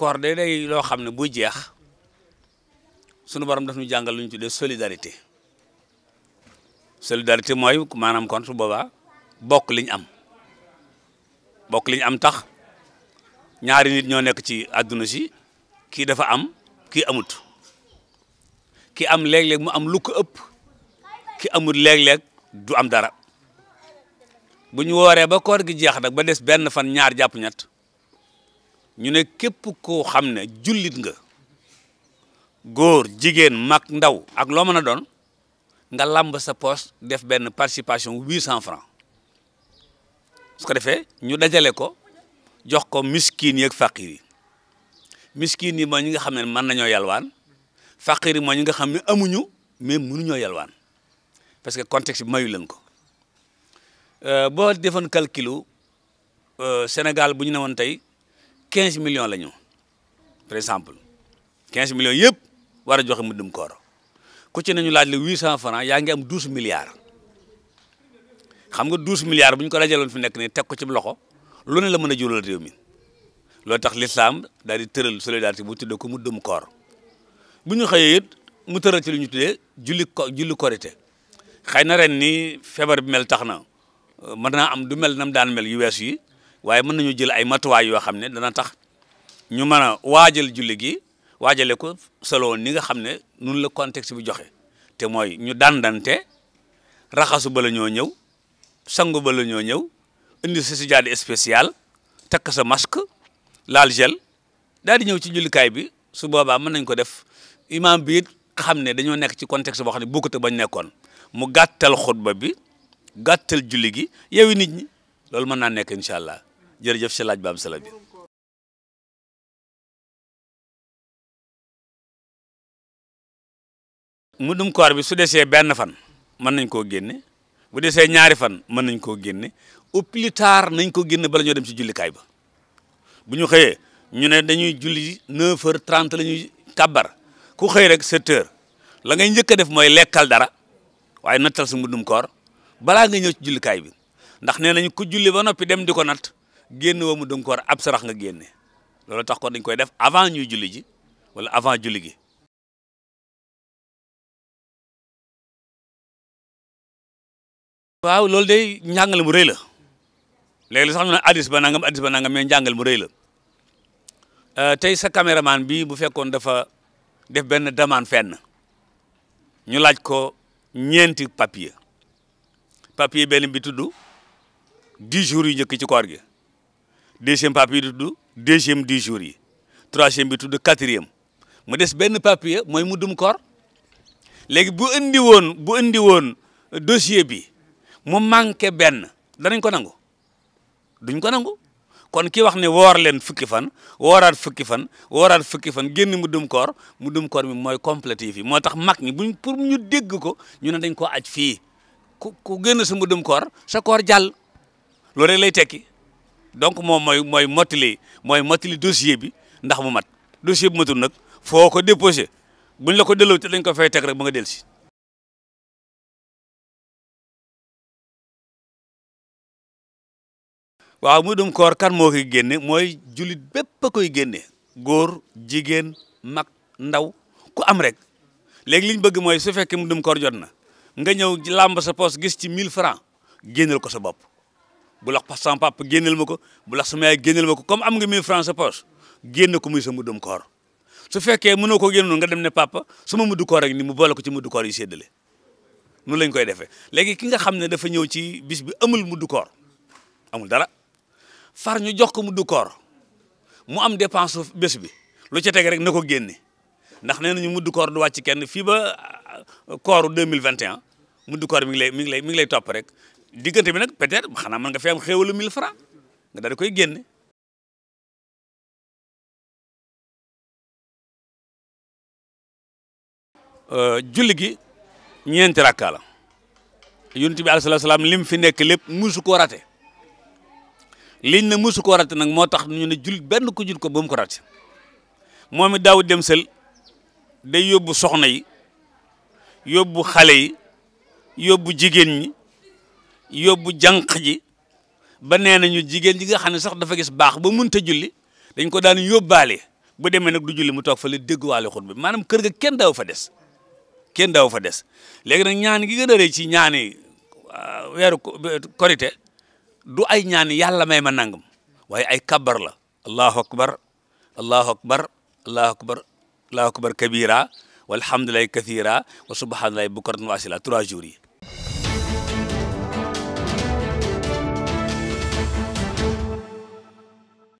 koor de day loo xam ne buy jeex sunu borom daf ñu jàngal luñ ñu tuddee solidarité solidarité mooy maanaam kon su boobaa bokk liñ am bokk liñ am tax ñaari nit ñoo nekk ci àdduna si kii dafa am kii amut kii am léeg-léeg mu am lu ko ëpp ki amut léeg-léeg du am dara bu ñu wooree ba koor gi jeex nag ba des benn fan ñaar jàpp ñett ñu ne képp koo xam ne jullit nga góor jigéen mag ndaw ak loo mën a doon nga làmb sa poche def benn participation huit cent francs su ko defee ñu dajale ko jox ko miskin yi ak yi miskin yi mooy ñi nga xam ne mën nañoo yalwaan faqir yi mooy ñi nga xam ne amuñu mais ñoo yalwaan parce que contexte bi mayu leen ko euh, boo defoon calculu euh, Sénégal bu ñu ne woon tey quinze millions la ñu par exemple quinze millions yëpp war a joxe muddum koor ku ci nañu laaj la huit cent francs yaa ngi am douze milliards xam nga douze milliards bu ñu ko dajaloon fi nekk nii teg ko ci loxo lu ne la mën a jural réew mi loo tax l'islam daal di tëral solidarité bu tuddee ko muddum koor bu ñu xëyee mu tëral ci lu ñu tuddee julli ko julli xëy na ren ni feebar bu mel tax na mën naa am du mel nam daan mel yu wees yi waaye mën nañu jël ay matuwaay yoo xam ne dana tax ñu mën a waajal julli gi waajale ko selon ni nga xam ne nun la contexte bi joxe te mooy ñu dandante raxasu ba la ñoo ñëw sangu ba la ñoo ñëw indi sa sijaada spécial takk sa masque laal gel daal di ñëw ci jullikaay bi su boobaa mën nañ ko def imam bi ka xam ne dañoo nekk ci contexte boo xam ne bokkut bañ nekkoon mu gàttal xutba bi gàttal julli gi yewi nit ñi loolu mën naa nekk incha allah jërëjëf si laaj ba am sala bi mudum koor bi su desee benn fan mën nañ koo génne bu desee ñaari fan mën nañ koo génne au plus tard nañ ko génne bala ñoo dem ci jullikaay ba bu ñu xëyee ñu ne dañuy julli 9h30 la ku xëy rek 7 la ngay njëkk def mooy lekkal dara waaye nattal sa mudum koor balaa nga ñëw ci jullikaay bi ndax nee nañ ku julli ba noppi dem di ko natt génn woo mu danga ko war ab sarax nga génne loolu tax ko dañ koy def avant ñuy julli ji wala avant julli gi waaw loolu day njàngale mu rëy la léegi sax ñu ne addis ba nangam addis ba nangam mais njàngale mu rëy la euh, tey sa caméraman bi bu fekkoon dafa def benn demande fenn ñu laaj ko ñeenti papier papier benn bi tudd dix jours yu njëkk ci koor gi deuxième papier di tudd deuxième dix jours yi troisième bi tudd quatrième mu des benn papier mooy mu muddum koor léegi bu indi woon bu indi woon dossier bi mu manqué benn danañ ko nangu duñ ko nangu kon ki wax ne woor leen fukki fan wooraat fukki fan wooraat fukki fan génn muddum koor mu dum koor mi mooy complétif yi moo tax mag ñi buñ pour ñu dégg ko ñu ne dañ koo aj fii ku ku génn sa muddum koor sa koor jàll loolu rek lay tekki donc moom mooy mooy mottali mooy mottali dossier bi ndax mu mat dossier bu matul nag foo ko déposé buñ la ko delloo te dañ ko fay teg rek ba nga dellu waaw mu dum koor kan moo koy génne mooy jullit bépp a koy génne góor jigéen mag ndaw ku am rek léegi li ñu bëgg mooy su fekkee mu dum koor jot na nga ñëw làmb sa poos gis ci mille francs génneel ko sa bopp. bu lax sama papa génneel ma ko bu lax sama yaay génneel ma ko comme am nga 1000 francs sa poche génn ko muy sa muddum koor su fekkee mënoo ko génnoon nga dem ne papa suma muddu koor rek ni mu boole ko ci muddu koor yi séddale noonu lañ koy defee léegi ki nga xam ne dafa ñëw ci bis bi amul muddu koor amul dara far ñu jox ko muddu koor mu am dépense bés bi lu ca teg rek na ko génne ndax nee nañu muddu koor du wàcc kenn fii ba ah, ah, kooru 2021 muddu koor mi ngi lay mi ngi lay mi ngi lay topp rek diggante bi nag peut-être xanaa mën nga fi am xéewalu 1000 nga daal di koy génne. Euh, julli gi ñeenti rakka la yonent bi alayhi salaam lim fi nekk lépp musu ko rate liñ na musu ko rate nag moo tax ñun ne jul benn ku jul ko ba mu ko rate moom it daaw dem sel day yóbbu soxna yi yóbbu xale yi yóbbu jigéen ñi yóbbu jànq ji ba nee nañu jigéen ji nga xam ne sax dafa gis baax ba munta julli dañ ko daan yóbbaale bu demee nag du julli mu toog fa la dégguwaale xut bi maanaam kër ga kenn daaw fa des kenn daaw fa des léegi nag ñaan gi gën a ci ñaani uh, weeru korite du ay ñaani yàlla may ma nangam waaye ay kabbar la allahu akbar allahu akbar allahu akbar allahu akbar kabira walhamdulilahi kathira wa subhanallahi bukratan wa asila trois jours